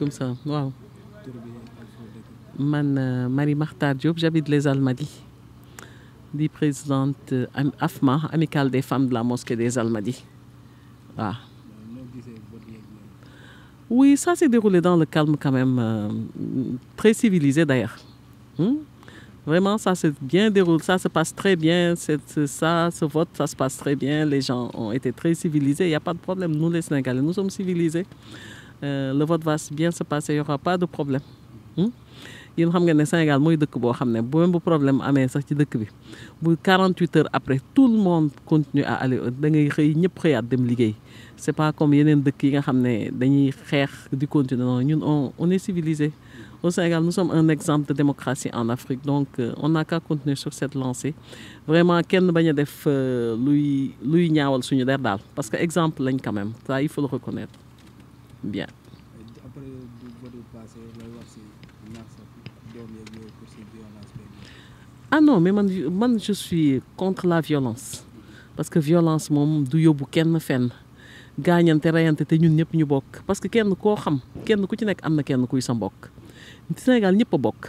maaleykum salaam waaw man euh, Marie Makhtar Diop j'habite les Almadies di présidente euh, am AFMA amicale des femmes de la mosquée des Almadies waaw. oui ça s'est déroulé dans le calme quand même euh, très civilisé d'ailleurs hmm? vraiment ça s'est bien déroulé ça se passe très bien c'est ça ce vote ça se passe très bien les gens ont été très civilisés il y a pas de problème nous les Sénégalais nous sommes civilisés. Euh, le vote va bien se passer y pas de problème hmm? yéen xam nga ne Sénégal mooy dëkk boo xam ne bu problème amee sax ci dëkk bi bu 48 heures après tout le monde continue à aller da ngay xëy ñëpp xëyaat dem liggéey c'est pas comme yeneen dëkk yi nga xam ne dañuy xeex di continuer non ñun on on est au Sénégal nous sommes un exemple de démocratie en Afrique donc euh, on n'a qu'à continuer sur cette lancée vraiment kenn bañ a def euh, luy luy ñaawal suñu der daal parce que exemple lañ quand même ça bien. ah non mais man man je suis contre la violence parce que violence moom du yóbbu kenn fenn gaañante reyante te ñun ñëpp ñu bokk parce que kenn koo xam kenn ku ci nekk am na kenn kuy sa mbokk Sénégal ñëpp a bokk.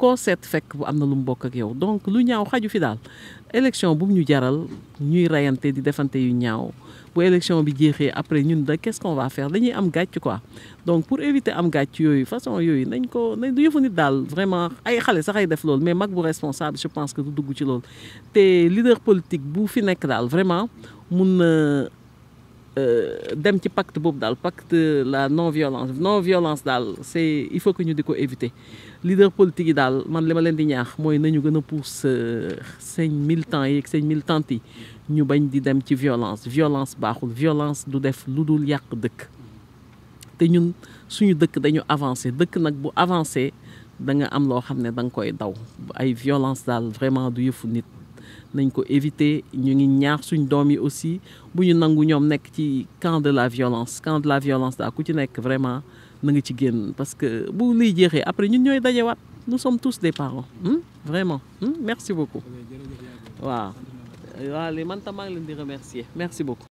koo seet fekk am na lu mu bokk ak yow donc lu ñaaw xaju fi daal élection bu ñu jaral ñuy rayante di defante yu ñaaw bu élection bi jeexee après ñun da qu'est-ce qu'on va faire dañuy am gàcc quoi donc pour éviter am gàcc yooyu façon yooyu nañ ko nañ du yëfu nit daal vraiment ay xale sax ay def loolu mais mag bu responsable je pense que du dugg ci loolu te leader politique bu fi nekk daal vraiment mun na Euh, dem ci pacte boobu daal pacte la non violence non violence daal c'est il faut que ñu di ko éviter lider politique yi daal man li ma leen di ñaax mooy nañu gën a pousse mille euh, militants yi ak mille militantes yi ñu bañ di dem ci violence violence baaxul violence du def lu dul yàq dëkk te ñun suñu dëkk dañu avancer dëkk nag bu avancer da nga am loo xam ne da nga koy daw ay violence daal vraiment du yëfu nit nañ ko éviter ñu ngi ñaar suñ doom yi aussi bu ñu nangu ñoom nekk ci camp de la violence camp de la violence daal ku ci nekk vraiment na nga ci génn parce que bu liy jeexee après ñu ñooy dajewaat nous sommes tous des parents hmm? vraiment hmm? merci beaucoup waaw waa li man tam maa ngi leen di remercier merci beaucoup